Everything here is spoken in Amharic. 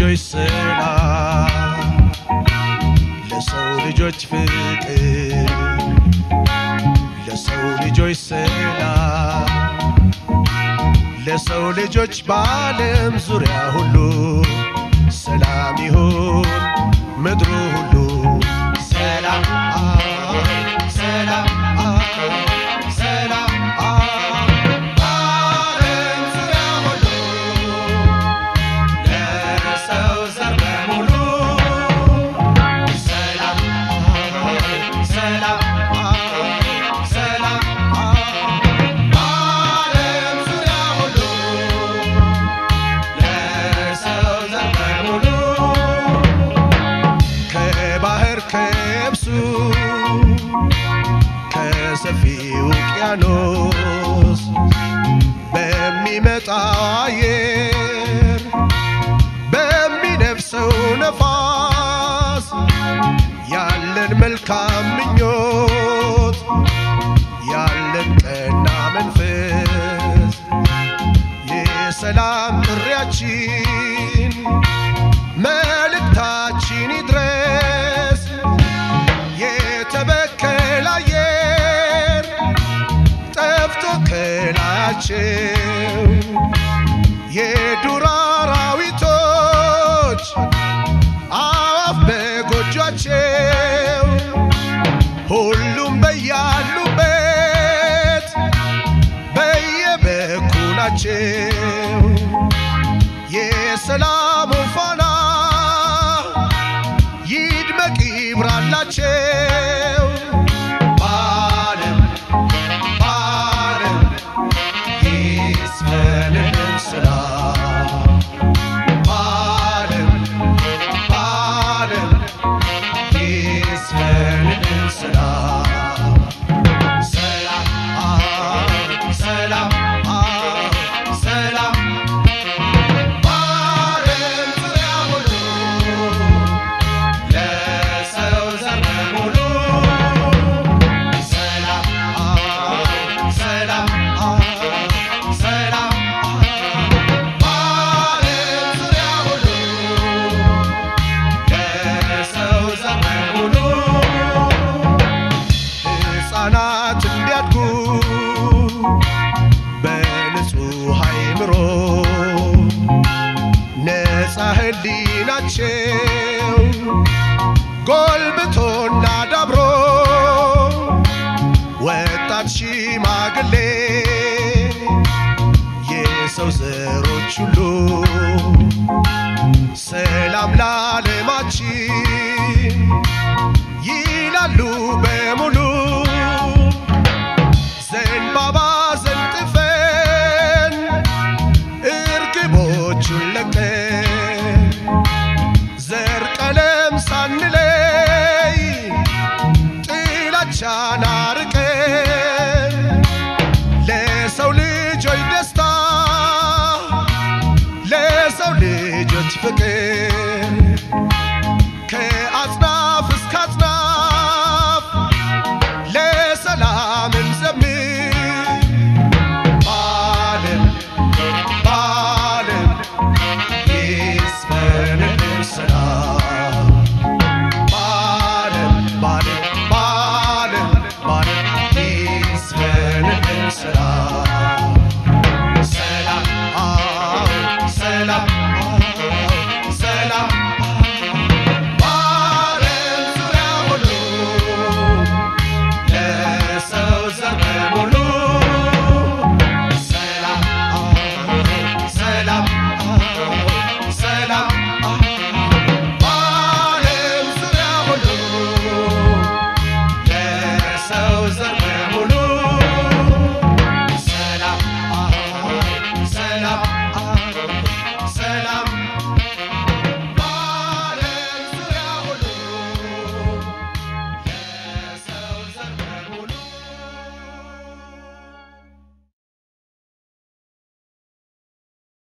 يسمع لا صوت جوت في القلب لا صوت جو يسمع ለሰው ልጆች በዓለም ዙሪያ ሁሉ ሰላም ይሁን ምድሩ ሁሉ ከየብሱ ከሰፊ ውቅያኖስ በሚመጣ አየር በሚነፍሰው ነፋስ ያለን መልካም ምኞት ያለን ቀና መንፈስ የሰላም ጥሪያችን ናቸው የዱር አራዊቶች አዋፍ በጎጇቸው ሁሉም በያሉበት በየበኩላቸው የሰላሙ ፋና ይድመቅ ይብራላቸው ህሊናቸው ጎልብቶና ዳብሮ ወጣት ሽማግሌ የሰው ዘሮች ሁሉ ሰላም ላለማችን ይላሉ በሙሉ